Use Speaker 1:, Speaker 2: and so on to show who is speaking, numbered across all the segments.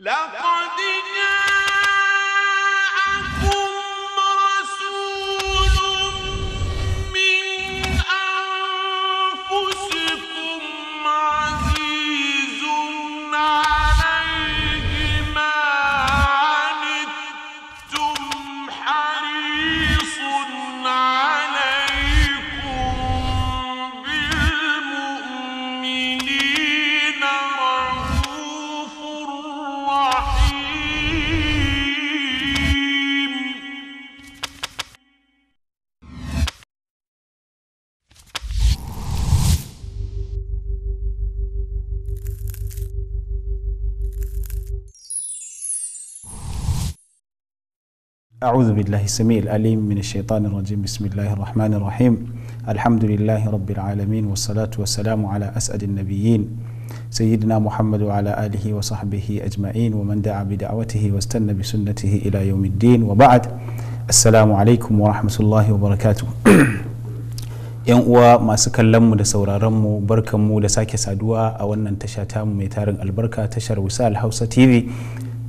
Speaker 1: لقد
Speaker 2: أعوذ بالله السميع العليم من الشيطان الرجيم بسم الله الرحمن الرحيم الحمد لله رب العالمين والصلاة والسلام على أسعد النبيين سيدنا محمد وعلى آله وصحبه أجمعين ومن دعا بدعوته واستنى بسنته إلى يوم الدين وبعد السلام عليكم ورحمة الله وبركاته yan uwa masu kallon mu da sauraron mu barkan mu da sake saduwa a wannan tasha tamu mai tarin albarka tashar wisal hausa tv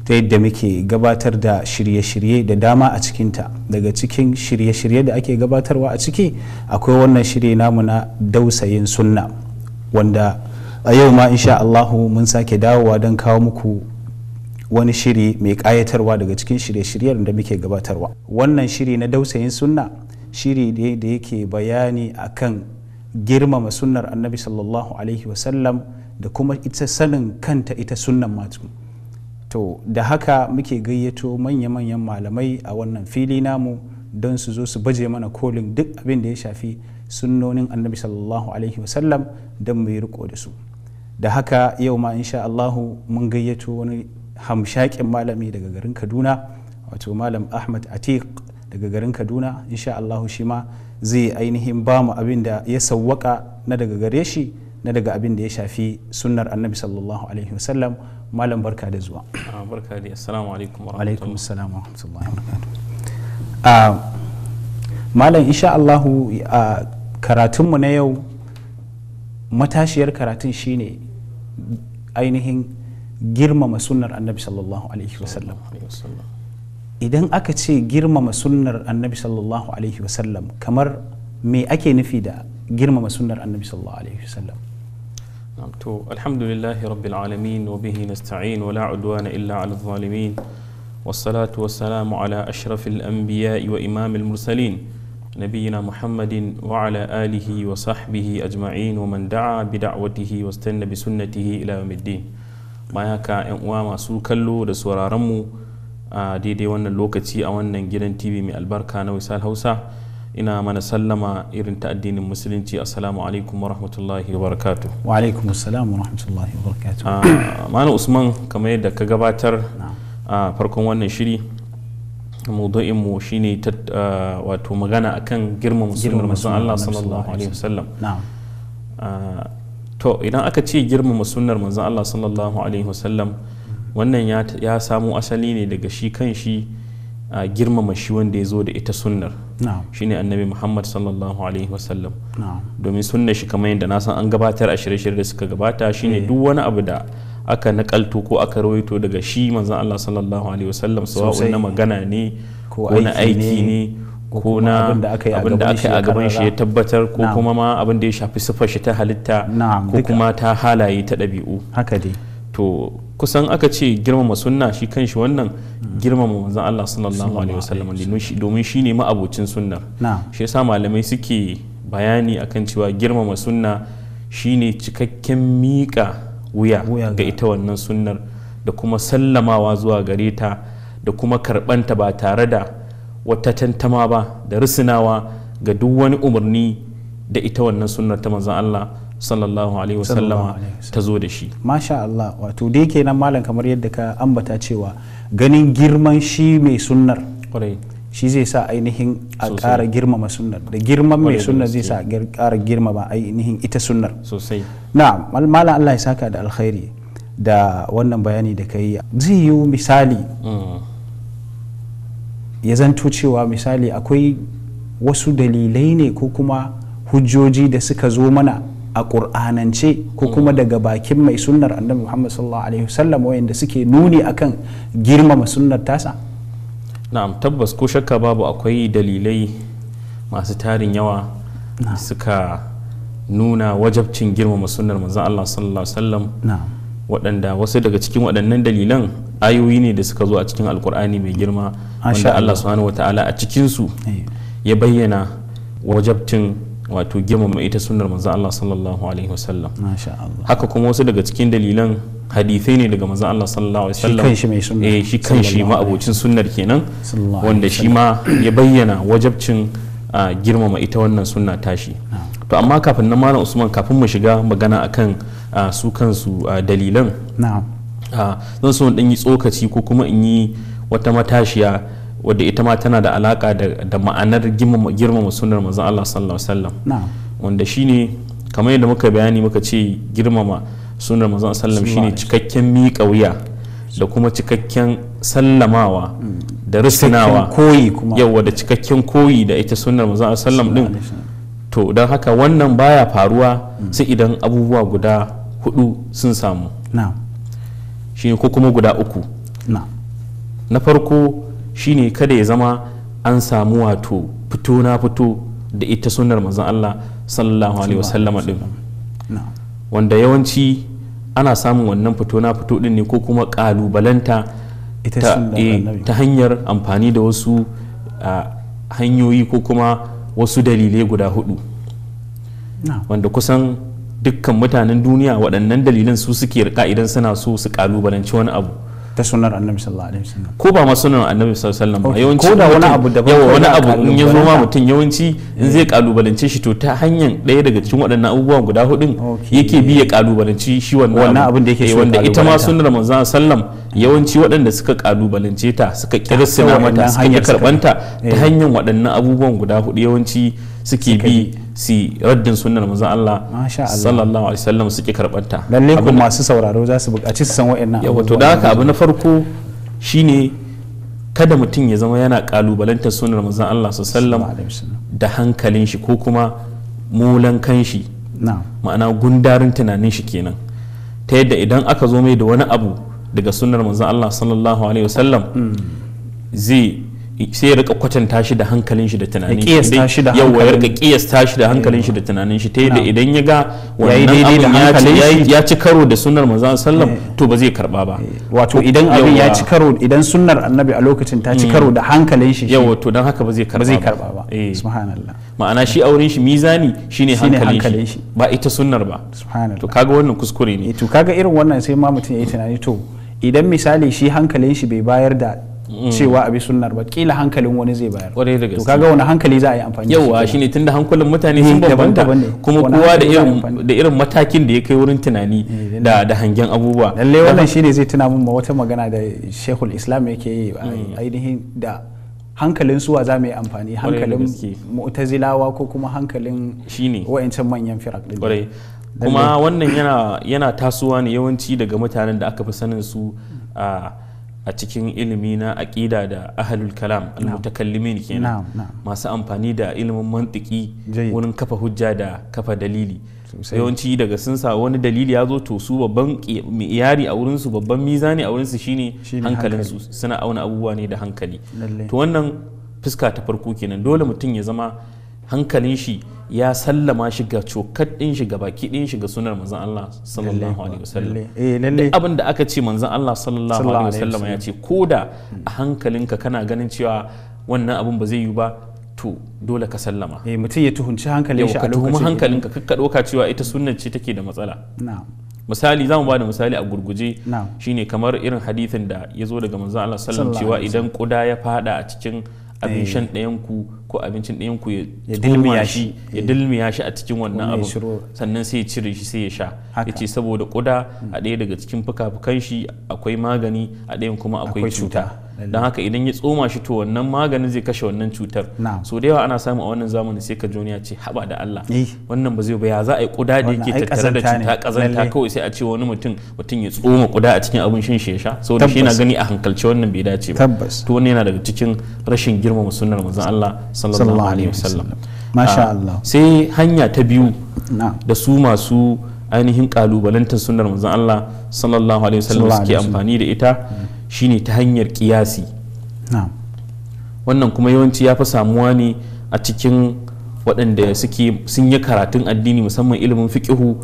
Speaker 2: ta yadda muke gabatar da shirye-shirye da dama a cikinta daga cikin shirye-shirye da ake gabatarwa a ciki akwai wannan shirye namu na dausayin sunna wanda a yau ma insha Allahu mun sake dawowa don kawo muku wani shiri mai ƙayatarwa daga cikin shirye-shiryen da muke gabatarwa wannan shiri na dausayin sunna shiri ne da yake bayani akan girmama sunnar annabi sallallahu alaihi wasallam da kuma ita sanin kanta ita sunnan matu to da haka muke gayyato manya-manyan malamai a wannan fili namu don su zo su baje mana kolin duk abin da ya shafi sunnonin annabi sallallahu alaihi wasallam don mu yi riko da su da haka yau ma insha Allahu mun gayyato wani hamshakin malami daga garin Kaduna wato malam Ahmad Atiq daga garin Kaduna insha Allahu shi ma zai ainihin ba mu abin da ya sawwaka na daga gare shi na daga abin da ya shafi sunnar annabi sallallahu alaihi wasallam malam barka da zuwa ah, barka da assalamu alaikum wa alaikum assalamu wa wa ah, malam insha Allahu ah, karatunmu na yau matashiyar karatun shine ainihin girmama sunnar annabi sallallahu alaihi wasallam idan aka ce girmama sunnar annabi sallallahu alaihi wasallam kamar me ake nufi da girmama sunnar annabi sallallahu alaihi wasallam
Speaker 1: to alhamdulillahi rabbil alamin wa bihi nasta'in wala la udwana illa ala zalimin wassalatu wassalamu ala ashrafil anbiya'i wa imamil mursalin نبينا محمد وعلى آله وصحبه أجمعين ومن دعا بدعوته واستنى بسنته إلى يوم الدين baya ka yan uwa masu kallo da sauraronmu a daidai wannan lokaci a wannan gidan tv mai albarka na wisal hausa ina mana sallama irin ta addinin musulunci assalamu alaikum wa rahmatullahi wa barakatu
Speaker 2: wa alaikum assalam wa rahmatullahi wa barakatu
Speaker 1: ah, mana usman kamar yadda ka gabatar a farkon wannan shiri maudu'in mu shine ah, wato magana akan girma sunnar manzon Allah sallallahu alaihi wasallam ah, to idan aka ce girmama sunnar manzon Allah sallallahu alaihi wasallam wannan ya samo asali ne daga shi kan shi girmama shi wanda ya zo da ita sunnar shine annabi muhammad sallallahu alaihi wasallam domin sunna shi kamar yadda na san an gabatar a shirye-shirye da suka gabata shine eh. duk wani abu da aka nakalto ko aka rawaito daga shi manzon Allah sallallahu alaihi wasallam sawa'un na magana ne ko na aiki ne ko na abin da aka yi a gaban shi ya tabbatar ko kuma ma abin da ya shafi siffar shi ta halitta ko kuma ta halaye ta ɗabi'u haka dai to kusan aka ce girmama sunna shi kanshi wannan girmama manzon Allah sallallahu alaihi wasallam domin shi ne ma'abocin sunnar shi yasa malamai suke bayani akan cewa girmama sunna shine cikakken miƙa wuya ga ita wannan sunnar da kuma sallamawa zuwa gare ta da kuma karbanta ba tare da wata tantama ba da risinawa ga duk wani umarni da ita wannan sunnar ta manzon Allah sallallahu alaihi wasallama ta zo da shi
Speaker 2: masha Allah wato dai kenan malam kamar yadda ka ambata cewa ganin girman shi mai sunnar shi zai sa ainihin a ƙara girmama sunnar da girman mai sunnar zai sa a ƙara girmama ainihin ita sunnar sosai na malam Allah ya saka da alkhairi da wannan bayani da ka yi. zai yi misali mm. ya zanto cewa misali akwai wasu dalilai ne ko kuma hujjoji da suka zo mana a ƙur'anance ko kuma daga bakin mai sunnar annabi muhammad sallallahu alaihi wasallam wayanda suke nuni akan girmama sunnar tasa
Speaker 1: na'am tabbas ko shakka babu akwai dalilai masu tarin yawa suka nuna wajabcin girmama sunnar manzon Allah sallallahu alaihi wasallam waɗanda wasu daga cikin waɗannan dalilan ayoyi ne da suka zo a cikin alkur'ani mai girma wanda Allah subhanahu wata'ala a cikinsu eh. ya bayyana wajabcin wato girmama ita sunnar manzon Allah sallallahu alaihi wasallam haka kuma wasu daga cikin dalilan hadithai ne daga manzon Allah sallallahu alaihi wasallam shi kanshi mai sunna eh shi kanshi ma abocin sunnar kenan wanda shi ma ya bayyana wajabcin girmama ita wannan sunna tashi ah. to amma kafin na malam Usman kafin mu shiga magana akan su kansu dalilan na'am zan so in yi tsokaci ko kuma in yi wata matashiya wadda ita ma tana da alaka da ma'anar girmama sunar manzon Allah sallallahu alaihi wasallam wanda shine kamar yadda muka bayani muka ce girmama sunar manzon sallam shine cikakken miƙa wuya da kuma cikakken sallamawa da risinawa koyi kuma yawa da cikakken koyi da ita sunar manzon sallam din to don haka wannan baya faruwa mm. sai idan abubuwa guda hudu sun samu shine ko kuma guda uku na farko shine kada ya zama an samu wato fito na fito da ita sunar manzon Allah sallallahu alaihi wasallama din wanda yawanci ana samun wannan fito na fito din ne ko kuma kalubalanta eh, ta hanyar amfani da wasu hanyoyi ko kuma wasu dalilai guda hudu wanda kusan dukkan mutanen duniya waɗannan dalilan su suke rika idan suna so su kalubalanci wani abu ta sunar annabi sallallahu alaihi wasallam ko ba ma sunan annabi sallallahu alaihi wasallam yawanci ko da wani abu da ba wani abu in ya zo ma mutum yawanci in zai eh. kalubalance shi to ta hanyar daya daga cikin waɗannan abubuwan guda hudun yake bi ya kalubalance shi wannan wannan abin da yake so eh, wanda ita ma sunan manzon wasallam yawanci waɗanda suka kalubalance ta suka kirsina mata suka karbanta ta eh. hanyar waɗannan abubuwan guda hudu yawanci suke bi si raddin sunnar manzon Allah sallallahu alaihi wasallam suke karbanta lalle ko masu
Speaker 2: sauraro za su buƙaci su san wa'annan yawa to da haka abu na
Speaker 1: farko shine kada mutum ya zama yana kalubalantar sunnar manzon Allah sallallahu alaihi wasallam da hankalin shi ko kuma mulankan shi ma'ana gundarin tunanin shi kenan ta yadda idan aka zo mai da wani abu daga sunnar manzon Allah sallallahu alaihi wasallam mm. zai sai ya rika kwatanta shi da hankalin shi da tunanin shi shi da yawa ya rika kiyasta shi da hankalin shi da tunanin shi ta yadda idan ya ga wannan abin ya ci karo da sunnar manzo sallam eh. to ba zai karba ba eh. wato idan abin ya ci
Speaker 2: karo idan sunnar annabi a lokacin ta ci mm. karo da
Speaker 1: hankalin shi yawa to dan haka ba zai karba ba zai karba ba eh. subhanallah ma'ana shi auren shi mizani
Speaker 2: shine hankalin shi ba ita sunnar ba subhanallah to kaga wannan kuskure ne to kaga irin wannan sai ma mutum ya yi tunani to idan misali shi hankalin shi bai bayar da Mm. cewa abi sunnar ba kila hankalin wani zai bayar kwarai da gaske to kaga wani hankali za a yi amfani yawa shine tunda hankalin mutane eh, sun bambanta kuma kowa da irin
Speaker 1: da irin matakin da ya kai wurin tunani eh, da da hangen abubuwa
Speaker 2: lalle wannan shine zai tuna mun wata magana da Sheikhul Islam yake yi mm. ainihin da hankalin suwa za mu yi amfani hankalin mu'tazilawa ko kuma hankalin shine wa'ancan manyan firak din
Speaker 1: kuma wannan yana yana tasowa ne yawanci daga mutanen da aka fi sanin su a a cikin ilimi na aƙida da ahalul kalam almutakallimin kenan masu amfani da ilimin mantiki wurin kafa hujja da kafa dalili yawanci daga sun sa wani dalili ya zo to su babban iyari a wurinsu babban mizani a wurinsu shine hankalinsu suna auna abubuwa ne da hankali to wannan fuska ta farko kenan dole mutum ya zama hankalin shi ya sallama shi ga cokat din shi ga baki din shi ga sunar manzon Allah sallallahu alaihi wasallam eh, duk abin da aka ce manzon Allah sallallahu alaihi wasallam ya ce koda a hankalinka kana ganin cewa wannan abin ba zai yi ba to dole ka sallama
Speaker 2: eh mutum ya tuhunci
Speaker 1: hankalin shi a lokacin ka hankalinka kakka doka cewa ita sunnar ce take da matsala na'am misali za mu ba da misali a gurguje shine kamar irin hadithin da ya zo daga manzon Allah sallallahu alaihi wasallam cewa idan kuda ya fada a cikin abin shan eh. ko abincin ɗayanku ya dilmiya shi ya eh. shi a cikin wannan abu sannan sai ya cire shi sai ya sha ya ce saboda kuda a hmm. ɗaya daga cikin fuka-fukan shi akwai magani a ɗayan kuma akwai cuta don haka idan ya tsoma shi to wannan maganin zai kashe wannan cutar so da yawa ana samu a wannan zamani sai ka joniya ce haba da Allah eh. wannan ba zai ba ya za a yi kuda da yake tattare da cuta kazanta kawai sai a ce wani mutum mutum ya tsoma kuda a cikin abin shin shi ya sha shi na gani a hankalce wannan bai dace ba to wannan yana daga cikin rashin girmama sunnar manzon Allah sallallahu alaihi wasallam masha ah, Allah sai hanya ta biyu da su masu ainihin kalubalantar sunnar manzon Allah sallallahu alaihi wasallam suke amfani da ita mm. shine ta hanyar kiyasi wannan kuma yawanci ya fi samuwa ne a cikin waɗanda suke sun yi karatun addini musamman ilimin fiƙihu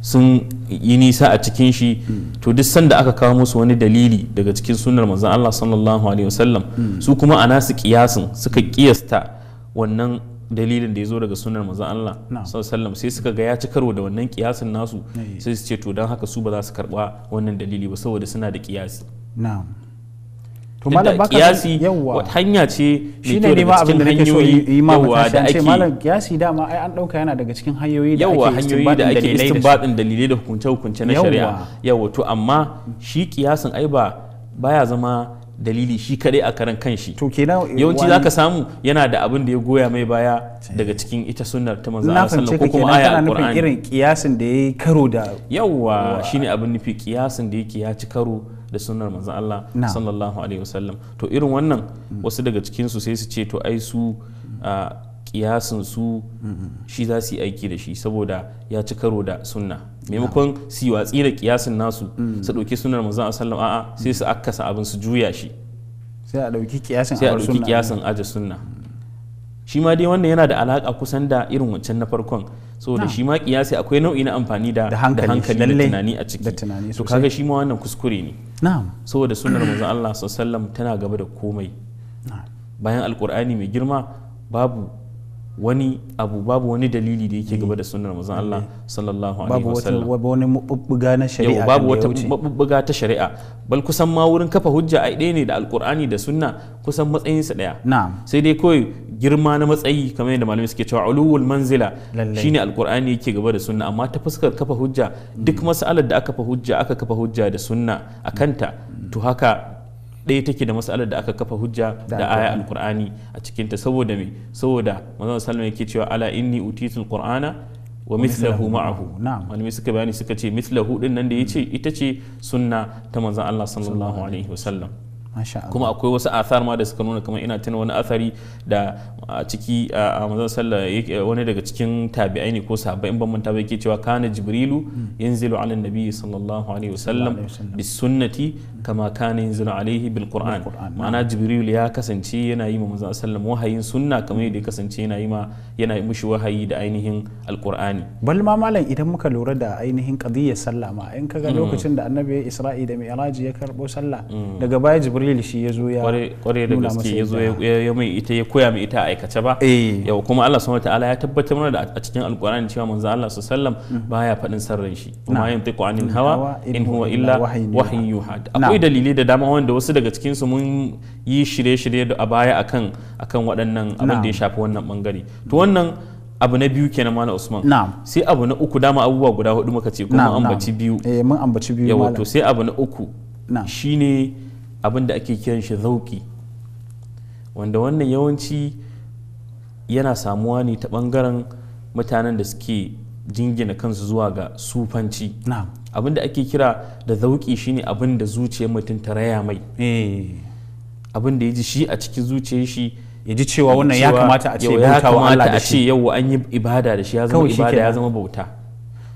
Speaker 1: sun yi nisa a cikin shi hmm. to duk sanda aka kawo musu wani dalili daga cikin sunar manzon Allah sallallahu alaihi wasallam hmm. su kuma a nasu kiyasin suka kiyasta wannan dalilin da ya zo daga sunar manzon Allah sallallahu sai suka ga ya ci karo da wannan kiyasin nasu sai su ce to don haka su ba za su karba wannan dalili ba saboda suna da kiyasi
Speaker 2: na'am to malam baka kiyasi
Speaker 1: hanya ce shi ne ma abin da nake so yi ma da ake malam
Speaker 2: kiyasi dama ai an dauka yana daga cikin hanyoyi da ake hanyoyi da istinbadin
Speaker 1: dalilai da hukunce hukunce na shari'a yawa to amma shi kiyasin ai ba baya zama dalili shi kadai a karan kanshi to kenan eh, yawanci zaka samu yana da abin da ya goya mai baya daga cikin ita sunnar ta manzo Allah sallallahu alaihi wasallam ko kuma aya alqur'ani irin
Speaker 2: kiyasin da yayi karo da
Speaker 1: yawa shine abin nufi kiyasin da yake ya ci karo da sunnar manzon Allah sallallahu alaihi wasallam to irin wannan mm. wasu daga cikin su sai su ce to ai su kiyasin su shi za su yi aiki da shi saboda ya ci karo da sunna maimakon su yi watsi da kiyasin nasu mm. su ɗauki sunnar manzon sallam a'a sai su mm. akasa abin su juya shi
Speaker 2: sai a ɗauki kiyasin sai a ɗauki kiyasin
Speaker 1: aje sunna shi ma dai wannan yana da alaƙa kusan da irin wancan na farkon so da shi ma kiyasi akwai nau'i na amfani da hankali da tunani a
Speaker 2: ciki to kaga
Speaker 1: shi ma wannan kuskure ne saboda sunnar manzon Allah sallallahu tana gaba da komai bayan alkur'ani mai girma babu wani abu babu wani dalili da yake gaba da sunnar manzon Allah sallallahu alaihi wasallam
Speaker 2: babu wani mabubbuga na shari'a babu wata
Speaker 1: mabubbuga ta shari'a bal kusan ma wurin kafa hujja ai ɗaya ne da alqur'ani da sunna kusan matsayin sa daya na'am sai dai kawai girma na matsayi kamar yadda malamai suke cewa ulul manzila shine alqur'ani yake gaba da sunna amma ta fuskar kafa hujja duk mm. mas'alar da aka kafa hujja aka kafa hujja da sunna akanta to haka ɗaya take da matsalar da aka kafa hujja da aya alqur'ani a cikinta saboda me saboda manzon sallallahu yake cewa ala inni utitul qur'ana wa mithlahu ma'ahu malamai suka bayani suka ce mithlahu din nan da yace mm. ita ce sunna ta manzon Allah sallallahu alaihi wasallam kuma akwai wasu athar ma da suka nuna kamar ina tuna wani athari da a ciki a manzon sallah wani daga cikin tabi'ai ne ko sahabbai in ban manta ba yake cewa kana jibrilu hmm. yanzilu ala nabi sallallahu alaihi wasallam bis sunnati kama kana yanzilu alaihi bil qur'an ma'ana jibril ya kasance yana yi ma manzon sallam wahayin sunna kamar yadda ya kasance yana yi ma yana yi mushi wahayi da ainihin
Speaker 2: alqur'ani bal ma malam idan muka lura da ainihin qadiyyar sallah ma in kaga hmm. lokacin da annabi ya isra'i da mi'raji ya karbo sallah hmm. daga baya jibril gabriel shi ya zo ya kware da gaske ya zo
Speaker 1: ya mai ita ya koya mai ita a aikace ba eh. yau kuma Allah subhanahu wataala ya tabbatar mana da a cikin alqur'ani cewa manzo Allah sallallahu alaihi mm. baya faɗin sarran shi kuma yin ta anil hawa in huwa illa wahyin yuha akwai dalilai da dama wanda wasu daga cikin su mun yi shirye-shirye a baya akan akan waɗannan abin da ya shafi wannan bangare to wannan abu na biyu kenan malam usman sai abu na uku dama abubuwa guda hudu muka ce kuma ambaci
Speaker 2: biyu eh mun ambaci biyu yawa to sai
Speaker 1: abu na uku shine abin da ake kiran shi zauki wanda wannan yawanci yana samuwa ne ta ɓangaren mutanen da suke jingina kansu zuwa ga sufanci abin da ake kira da zauki shine abin da zuciyar mutum ta raya mai eh. abin da ya ji shi a cikin zuciyar shi ya ji cewa wannan ya kamata a ce bautawa Allah da shi yau an yi ibada da shi ya zama ibada ya zama
Speaker 2: bauta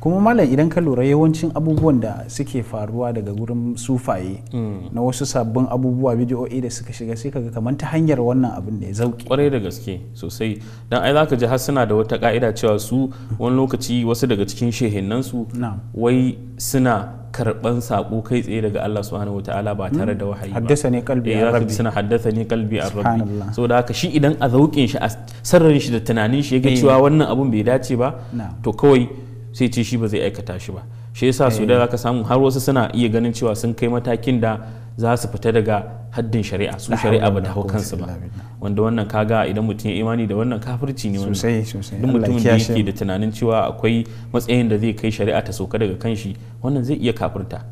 Speaker 2: kuma malam idan ka lura yawancin abubuwan da suke faruwa daga gurin sufaye hmm. na wasu sabbin abubuwa bidiyo'i da suka shiga sai kaga kamar ta hanyar wannan abin da ya
Speaker 1: zauki kwarai da gaske sosai dan ai zaka ji har suna da wata ka'ida cewa su wani lokaci wasu daga cikin shehinnan su wai suna karban sako kai tsaye daga Allah subhanahu wataala ba tare hmm. da wahayi ba haddasa ne kalbi eh, a rabbi suna haddasa ne kalbi a rabbi saboda haka shi idan a zaukin shi a sarrin shi da tunanin shi yake eh. cewa wannan abun bai dace ba to kawai sai ce shi ba zai aikata shi ba shi yasa su da zaka samu har wasu suna iya ganin cewa sun kai matakin da za su fita daga haddin shari'a su shari'a ba da hau kansu ba wanda wannan kaga idan mutum ya imani da wannan kafirci ne wannan duk mutumin da yake da tunanin cewa akwai matsayin da zai kai shari'a ta soka daga kanshi wannan zai iya kafirta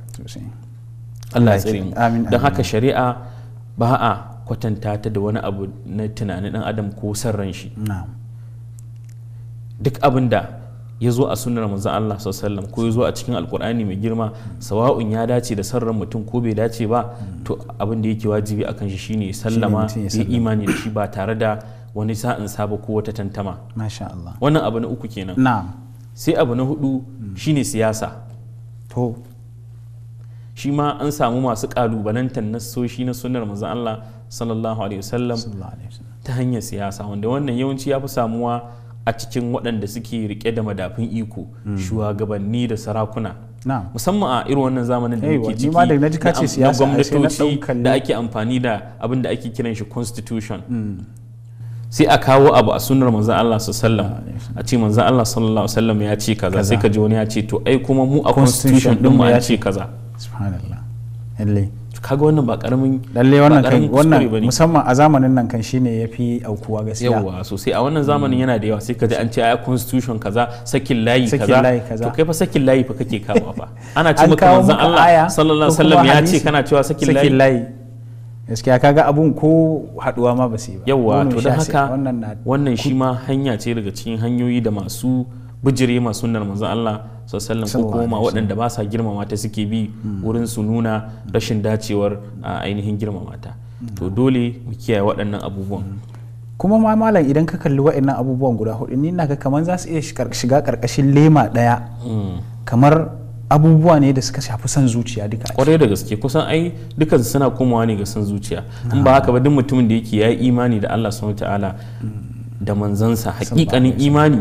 Speaker 1: Allah ya tsare mu don haka shari'a ba a kwatanta ta da wani abu na tunanin dan adam ko san ran shi duk abin da ya zo a sunnar manzo Allah sallallahu ko ya zo a cikin alkur'ani mai girma sawa'un ya dace da sarran mutum ko bai dace ba to abin da yake wajibi akan shi shine sallama ya imani da shi ba tare da wani sa'in saba ko wata tantama
Speaker 2: masha Allah
Speaker 1: wannan abu na uku kenan na'am sai abu na hudu hmm. shine siyasa to shi ma an samu masu kalubalantar nassoshi na sunar manzo Allah sallallahu alaihi wasallam ta hanyar siyasa wanda wannan yawanci ya fi samuwa a cikin waɗanda suke rike da madafin iko hmm. shugabanni da sarakuna musamman a irin wannan zamanin da muke ciki na gwamnatoci da ake amfani da abin da ake kiran shi constitution hmm. sai a kawo abu a sunar manzan Allah sallam a ce manzan Allah sallallahu sallam ya ce kaza sai ka ji wani ya ce to ai kuma mu a constitution din mu ya ce kaza subhanallah
Speaker 2: kaga wannan ba karamin lalle wannan kan wannan musamman a zamanin nan kan shine yafi aukuwa gaskiya yawa
Speaker 1: sosai a wannan zamanin yana da yawa sai ka ji an ce a constitution kaza sakin layi kaza to kai fa sakin layi fa kake kawo fa ana ce maka manzon Allah sallallahu alaihi wasallam ya ce kana cewa sakin layi
Speaker 2: gaskiya kaga abun ko haduwa ma ba sai ba yawa to dan haka
Speaker 1: wannan shi ma hanya ce daga cikin hanyoyi da masu bijire masu sunnar manzon Allah sallan ko kuma waɗanda ba sa girmama ta suke bi hmm. wurin su nuna rashin dacewar ainihin girmama ta hmm. to dole mu kiyaye waɗannan abubuwan hmm.
Speaker 2: kuma ma malam idan ka kalli waɗannan abubuwan guda hudu ni na ga kamar za su iya shiga karkashin lema ɗaya kamar abubuwa ne da suka shafi son zuciya duka
Speaker 1: kwarai da gaske kusan ai dukansu suna komawa ne ga san zuciya in ba ah. haka ba duk mutumin da yake ya yi imani da Allah subhanahu ta'ala da manzansa hakikanin imani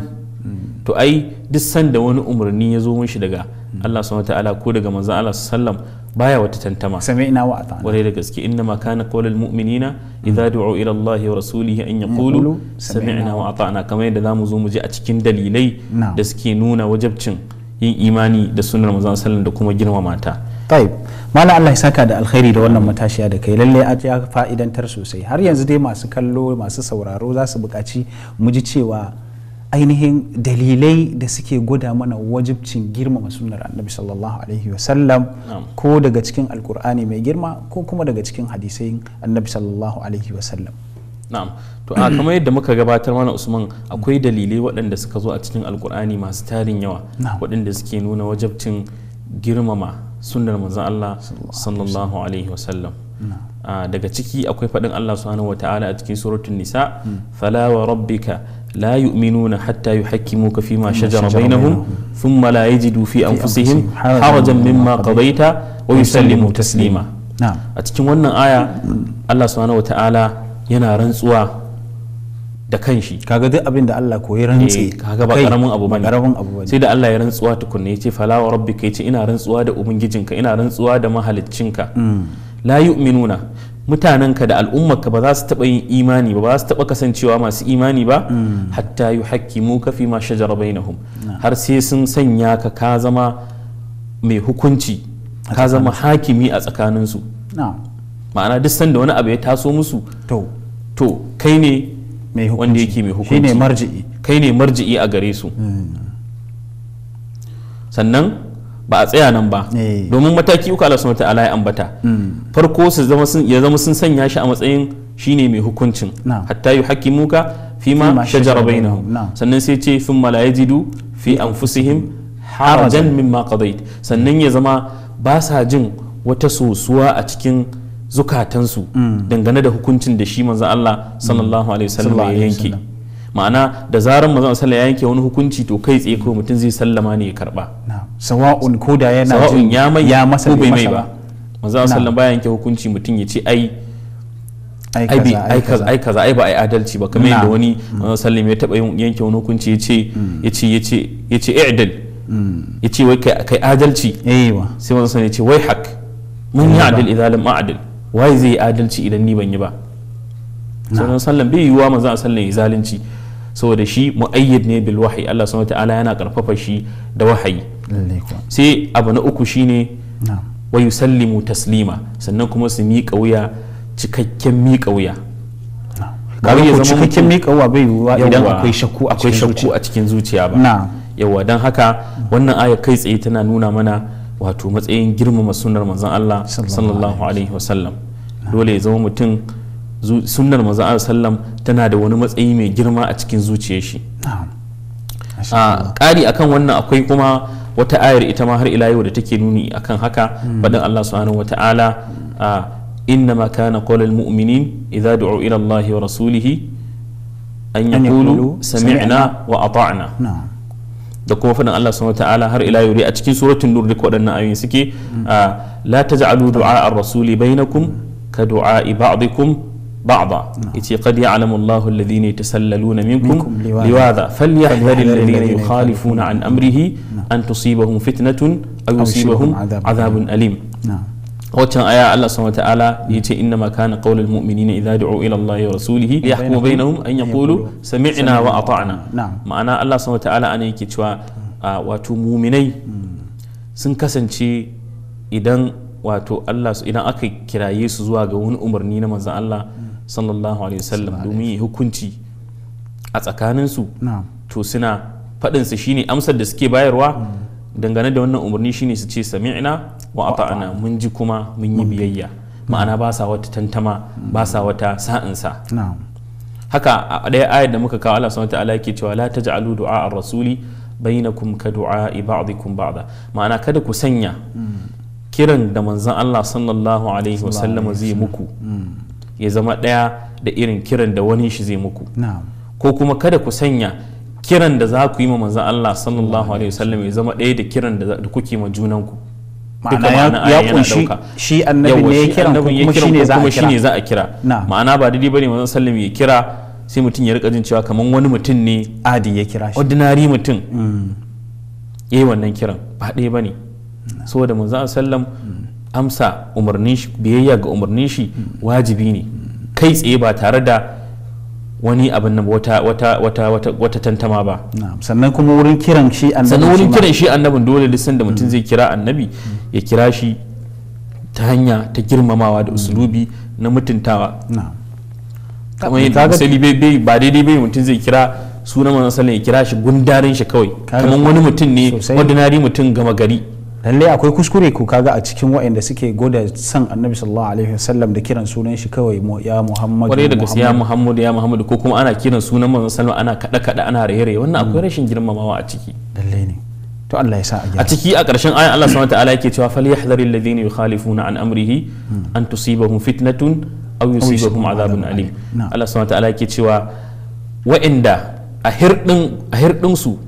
Speaker 1: to ai duk sanda wani umarni ya zo mishi daga Allah subhanahu ta'ala ko daga manzon Allah sallam baya wata tantama sami'na wa ata'na da gaske inna ma kana qawlul mu'minina idza du'u ila Allah wa rasulihi an yaqulu sami'na wa ata'na kamar yadda zamu zo mu ji a cikin dalilai da suke nuna wajabcin yin imani da sunnar manzon sallam da kuma girmama ta
Speaker 2: tayib malam Allah ya saka da alkhairi da wannan matashiya da kai lalle a ya fa'idantar sosai har yanzu dai masu kallo masu sauraro za su buƙaci mu ji cewa ainihin dalilai da suke gwada mana wajibcin girmama sunar annabi sallallahu alaihi wasallam ko daga cikin alkur'ani mai girma ko kuma daga cikin hadisai annabi sallallahu alaihi wasallam
Speaker 1: na'am to a kamar yadda muka gabatar mana usman akwai dalilai waɗanda suka zo a cikin alkur'ani masu tarin yawa waɗanda suke nuna wajabcin girmama sunnar manzon Allah sallallahu alaihi wasallam daga ciki akwai faɗin Allah subhanahu ta'ala a cikin suratul nisa hmm. fala wa rabbika لا يؤمنون حتى يحكموك فيما شجر بينهم ثم لا يجدوا في أنفسهم حرجا مما قضيت ويسلموا تسليما نعم أتكلم وانا آية الله سبحانه وتعالى yana rantsuwa da kanshi kaga duk abin da Allah koyi rantsi kaga ba karamin abu bane karamin abu bane sai da Allah ya rantsuwa tukunna yace fala wa rabbika yace ina rantsuwa da ubangijinka ina rantsuwa da mahaliccinka la yu'minuna mutanenka da al'ummarka ba za su taɓa yin imani ba ba su taɓa kasancewa masu imani ba mm. hatta yi haƙƙi mu kafi ma shajara bainahum har sai sun sanya ka ka zama mai hukunci ka zama hakimi a tsakaninsu ma'ana duk sanda wani abu ya taso musu to kai ne wanda yake mai hukunci kai ne marji'i a gare su mm. sannan ba a tsaya nan ba eh. domin mataki uku Allah subhanahu ta'ala ya ambata hmm. farko su zama sun ya zama sun sanya shi a matsayin shine mai hukuncin hatta yuhaqqimuka fima shajara bainahum sannan sai ce thumma la yajidu fi hmm. anfusihim harajan mimma qadait sannan ya zama ba sa jin wata sosuwa a cikin zukatansu hmm. dangane da hukuncin da shi manzo Allah sallallahu alaihi wasallam ya yanke ma'ana da zarar mazan sallah ya yanke wani hukunci to kai tsaye kawai mutum zai sallama ne ya karba
Speaker 2: sawa'un ko da yana sawa'un ya mai ya masa ko bai mai ba mazan sallah
Speaker 1: baya yanke hukunci mutum ya ce ai ai kaza ai kaza ai ba ai adalci ba kamar yadda wani mm. mazan sallah ya taba yanke wani hukunci mm. ya ce ya ce ya ce ya ce mm. ya ce wai kai adalci eh sai mazan sallah ya ce wai hak mun eh yi adil idalin lam wai zai adalci idan ni ban yi ba sallan bai yiwuwa mazan sallan ya zalunci saboda shi mu'ayyid ne bil wahayi Allah subhanahu ta'ala yana karfafa shi da wahayi sai abu na uku shine wa yusallimu taslima sannan kuma su miƙa wuya cikakken miƙa wuya
Speaker 2: kamar ya zama cikakken miƙa wuya bai yiwuwa idan akwai
Speaker 1: shakku akwai shakku a cikin zuciya ba yawa don haka wannan aya kai tsaye tana nuna mana wato matsayin girmama sunnar manzon Allah sallallahu alaihi wasallam dole ya zama mutum sunnar manzon sallam tana da wani matsayi mai girma a cikin zuciyar shi a ƙari akan wannan akwai kuma wata ayar ita ma har ila yau da take nuni akan haka hmm. faɗin Allah subhanahu wata'ala inna ma kana qawlal mu'minin idza du'u ila Allah wa rasulihi an yaqulu sami'na wa ata'na da kuma fadin Allah subhanahu wata'ala har ila yau a cikin suratul nur duk waɗannan ayoyin suke la taj'alu du'a ar-rasuli bainakum ka du'a ba'dikum بعضا إتي قد يعلم الله الذين يتسللون منكم لواذا فليحذر الذين يخالفون عن أمره أن تصيبهم فتنة أو يصيبهم عذاب أليم waccan aya Allah subhanahu wataala yace inna ma kana qaulul mu'minina idza du'u ila Allah wa rasulihi yahkumu bainahum an yaqulu sami'na wa ata'na ma'ana Allah subhanahu wataala ana yake cewa wato muminai sun kasance idan wato Allah idan aka kiraye su zuwa ga wani umarni na manzon Allah sallallahu alaihi wasallam domin ya hukunci a tsakaninsu to suna faɗinsa shine amsar da suke bayarwa mm. dangane da wannan umarni shine su ce sami'na wa ata'ana mun ji kuma mun yi biyayya ma'ana ba sa wata tantama mm. ba sa wata sa'insa haka a ɗaya ayar da muka kawo Allah subhanahu ta'ala yake cewa la taj'alu du'a ar-rasuli bainakum ka du'a ba'dikum ba'da ma'ana kada ku sanya
Speaker 2: mm.
Speaker 1: kiran da manzon Allah sallallahu alaihi wasallam zai muku ya zama ɗaya da irin kiran da wani shi zai muku ko kuma kada ku sanya kiran da za ku yi ma manzan Allah sallallahu alaihi wasallam ya zama ɗaya da kiran da kuke ma junanku ma'ana ya kunshi shi annabi ne ya kiran kuma shi ne za a kira ma'ana ba daidai bane manzan sallam ya kira sai mutum ya rika jin cewa kamar wani mutum ne adi ya kira shi ordinary mutum mm. yayi wannan kiran ba ɗaya bane saboda manzan sallam amsa umarnin shi biyayya ga umarnin shi wajibi ne kai tsaye ba tare da wani abin na wata wata wata wata wata tantama ba sannan kuma wurin
Speaker 2: kiran shi annabi sannan wurin kiran
Speaker 1: shi annabin dole lissan da mutum mm. zai kira annabi ya kira shi ta hanya ta girmamawa da mm. usulubi na mutuntawa kamar yadda misali bai ba daidai bai mutum zai kira sunan manzon sallallahu ya kira shi gundarin shi kawai
Speaker 2: kamar wani mutum ne ordinary mutum gama gari lallai akwai kuskure ko kaga a cikin waɗanda suke goda san annabi sallallahu alaihi wasallam da kiran sunan shi kawai ya muhammadu kwarai da gaskiya ya
Speaker 1: muhammadu ya muhammadu ko kuma ana kiran sunan manzon sallallahu ana kada kada ana raye-raye wannan akwai hmm. rashin girmamawa a
Speaker 2: ciki lallai ne to Allah ya sa a
Speaker 1: a ciki a ƙarshen ayan Allah subhanahu wataala yake cewa fal yahdharil ladhina yukhalifuna an amrihi hmm. an tusibahum fitnatun aw yusibahum adhabun alim Allah subhanahu wataala yake cewa waɗanda a hirdin su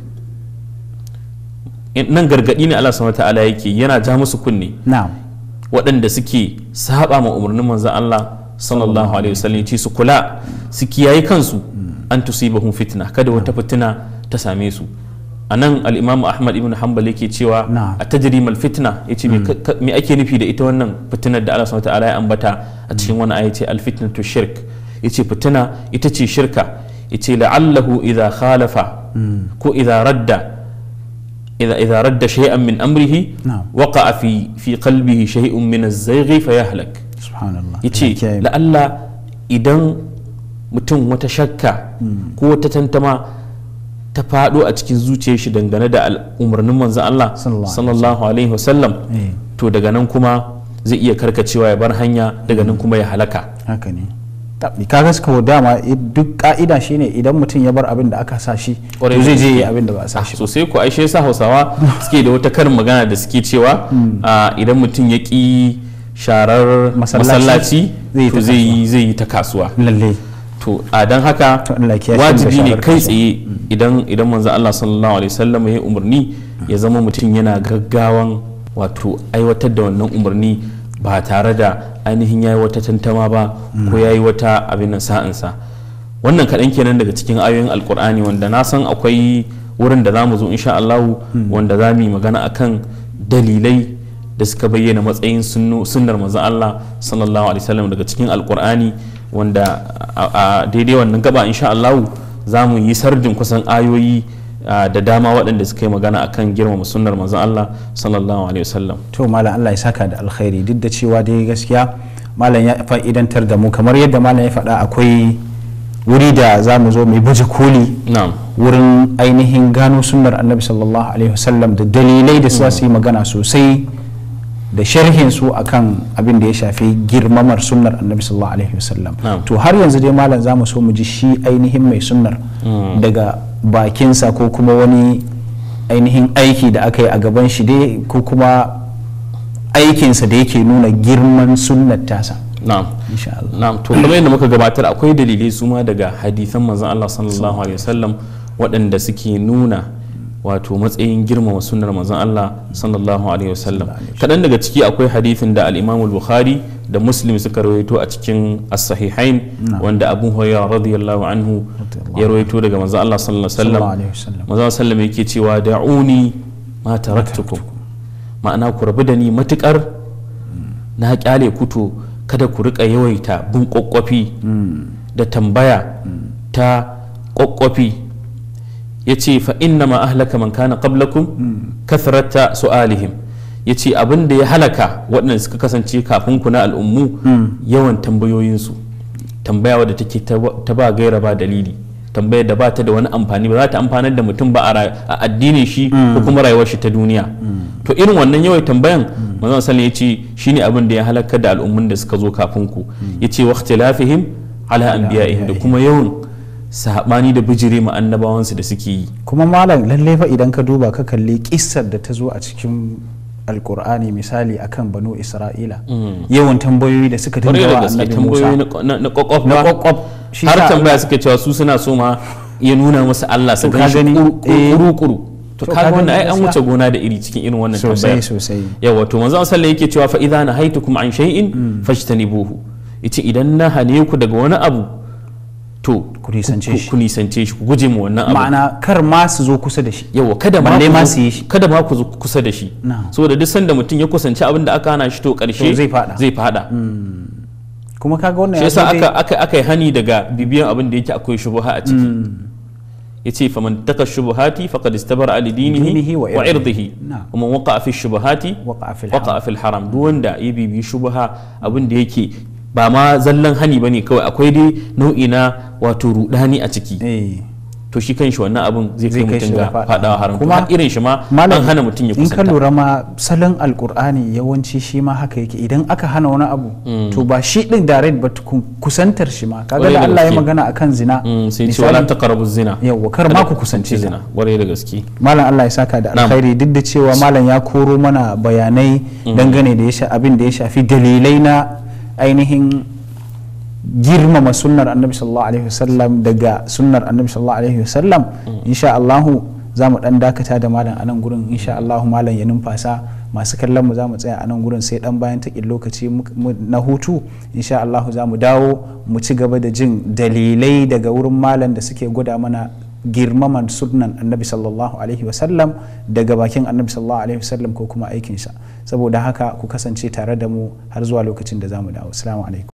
Speaker 1: nan gargadi ne Allah subhanahu ta'ala yake yana ja musu kunne waɗanda suke saba ma umarnin manzon Allah sallallahu alaihi wasallam ci su kula su kiyaye kansu an tusibahum fitna kada wata fitina ta same su a nan al'imamu ahmad ibn hanbal yake cewa a tajrimal fitna ya hmm. me ake nufi da ita wannan fitinar da allah subhanahu ta'ala ya ambata a hmm. cikin wani aya ce alfitna to shirk ya ce fitina ita ce shirka ya ce la'allahu idha khalafa hmm. ko idha radda إذا da رد شيئا amrihi أمره نعم. وقع في في قلبه شيء من الزيغ فيهلك سبحان الله يتي لألا mutum wata shakka ko wata tantama ta faɗo a cikin zuciyar shi dangane da umarnin manzon Allah sallallahu alaihi wasallam to daga nan kuma zai iya karkacewa ya bar hanya daga nan kuma ya halaka
Speaker 2: ka gaska mu dama eh, duk ka'ida shine idan mutum ya bar abin da aka sa shi zai je yi
Speaker 1: abin da ba a sa ah, shi sosai ko aishe sa hausawa suke da wata karin magana da suke cewa hmm. ah, idan mutum ya ki sharar masallaci to zai yi ta kasuwa lalle to a don haka wajibi ne kai tsaye hmm. idan idan manzo Allah sallallahu alaihi wasallam ya umarni ya hmm. zama mutum yana gaggawan wato aiwatar da wannan umarni ba tare da ainihin yayi wata tantama ba ko mm. yayi wata abin sa'insa wannan kaɗan kenan daga cikin ayoyin alkur'ani wanda na san akwai wurin da za mu zo insha Allah mm. wanda za mu yi magana akan dalilai da suka bayyana matsayin sunnar manzon Allah sallallahu alaihi wasallam daga cikin alkur'ani wanda a daidai wannan gaba insha Allah za mu yi sardin kusan ayoyi da dama waɗanda suka yi magana akan girmama sunnar manzon Allah sallallahu alaihi wasallam
Speaker 2: to malam Allah ya saka da alkhairi duk da cewa dai gaskiya malam ya fa'idantar da mu kamar yadda malam ya faɗa akwai wuri da za mu zo mai baje koli wurin ainihin gano sunnar annabi sallallahu alaihi wasallam da dalilai da za su yi mm. magana sosai da sharhin su akan abin da ya shafi girmamar sunnar annabi sallallahu alaihi wasallam to har yanzu dai malam za mu so mu ji shi ainihin mai sunnar mm. daga bakinsa ko kuma wani ainihin aiki da aka yi a gaban shi dai ko kuma aikinsa da yake nuna girman sunnar tasa
Speaker 1: na'am to kamar yadda muka gabatar akwai dalilai suma daga hadisan manzon Allah sallallahu alaihi wasallam waɗanda suke nuna wato matsayin girmama sunnar manzon Allah sallallahu alaihi wasallam kadan daga ciki akwai hadithin da al-Imam al-Bukhari da Muslim suka rawaito a cikin as-sahihain wanda Abu Hurairah radiyallahu anhu ya rawaito daga manzon Allah sallallahu alaihi wasallam manzon sallam yake cewa da'uni ma taraktukum ma'ana ku rabu da ni matukar na kyale kuto kada ku rika yawaita bin kokkofi hmm. da tambaya hmm. ta kokkofi yace fa in ma ahlaka man kana qablakum hmm. kathrata su'alihim yace abin da ya halaka waɗanda suka kasance kafin ku na al'ummu hmm. yawan tambayoyinsu tambayawa da take ta ba gaira ba dalili tambaya da ba ta da wani amfani ba za ta amfanar da mutum ba a addinin shi ko hmm. kuma rayuwar shi ta duniya to irin wannan yawai tambayan manzon sallallahu ya ce shine abin da ya halakar da al'ummun da suka zo kafin ku yace waqtilafihim ala anbiya'ihim da kuma yawan sabani da bijire ma annabawansu da suke yi
Speaker 2: kuma malam lalle fa idan ka duba ka kalli kissar da ta zo a cikin alkur'ani misali akan banu isra'ila mm.
Speaker 1: yawan tambayoyi da suka dinga wa annabi musa na kwakwaf har tambaya suka cewa su suna so ma ya nuna musu allah su gani kuru
Speaker 2: eh. to ka wannan ai an wuce
Speaker 1: gona da iri cikin irin wannan tambaya sosai yawa to manzo sallallahu yake cewa fa idza nahaytukum an shay'in mm. fajtanibuhu yace idan na hane ku daga wani abu to ku nisance shi ku guje mu wannan abu ma'ana
Speaker 2: kar ma su zo kusa da
Speaker 1: shi yawa kada ma ma su yi shi kada ma ku zo kusa da shi saboda duk sanda mutum ya kusanci abin da aka hana shi to karshe zai fada zai fada
Speaker 2: hmm. kuma kaga wannan shi sai aka
Speaker 1: aka aka yi hani daga bibiyan abin da yake akwai shubuha a ciki hmm. yace man taka shubuhati faqad istabara li dinihi wa irdihi wa man waqa fi shubuhati waqa fi haram duk wanda ya bibi shubuha abin da yake ba ma zallan hani bane kawai akwai dai nau'i na wato rudani a ciki eh. to shi kan shi wannan abin zai kai mutum ga fadawa haram kuma irin shi ma an hana mutum ya kusanta in ka lura
Speaker 2: ma salon alkur'ani yawanci shi ma haka yake idan aka hana wani abu mm. to ba shi din direct ba kusantar shi ma kaga da Allah ya magana akan zina mm, sai ce wala taqrabu zina yawa kar ma ku kusanci zina ware da gaske malam Allah ya saka da alkhairi duk da cewa malam ya koro mana bayanai mm. dangane da ya abin da ya shafi dalilai na ainihin girmama sunnar annabi sallallahu alaihi wasallam daga sunnar annabi sallallahu alaihi wasallam mm. insha Allahu za mu dan dakata da malam anan gurin insha Allahu malam ya numfasa masu kallon mu za mu tsaya anan gurin sai dan bayan takin lokaci na hutu insha Allahu za mu dawo mu ci gaba da jin dalilai daga wurin malam da suke gwada mana girmaman sunan annabi sallallahu alaihi wasallam daga bakin annabi sallallahu alaihi wasallam ko kuma aikinsa saboda haka ku kasance tare da mu har zuwa lokacin da za mu dawo assalamu alaikum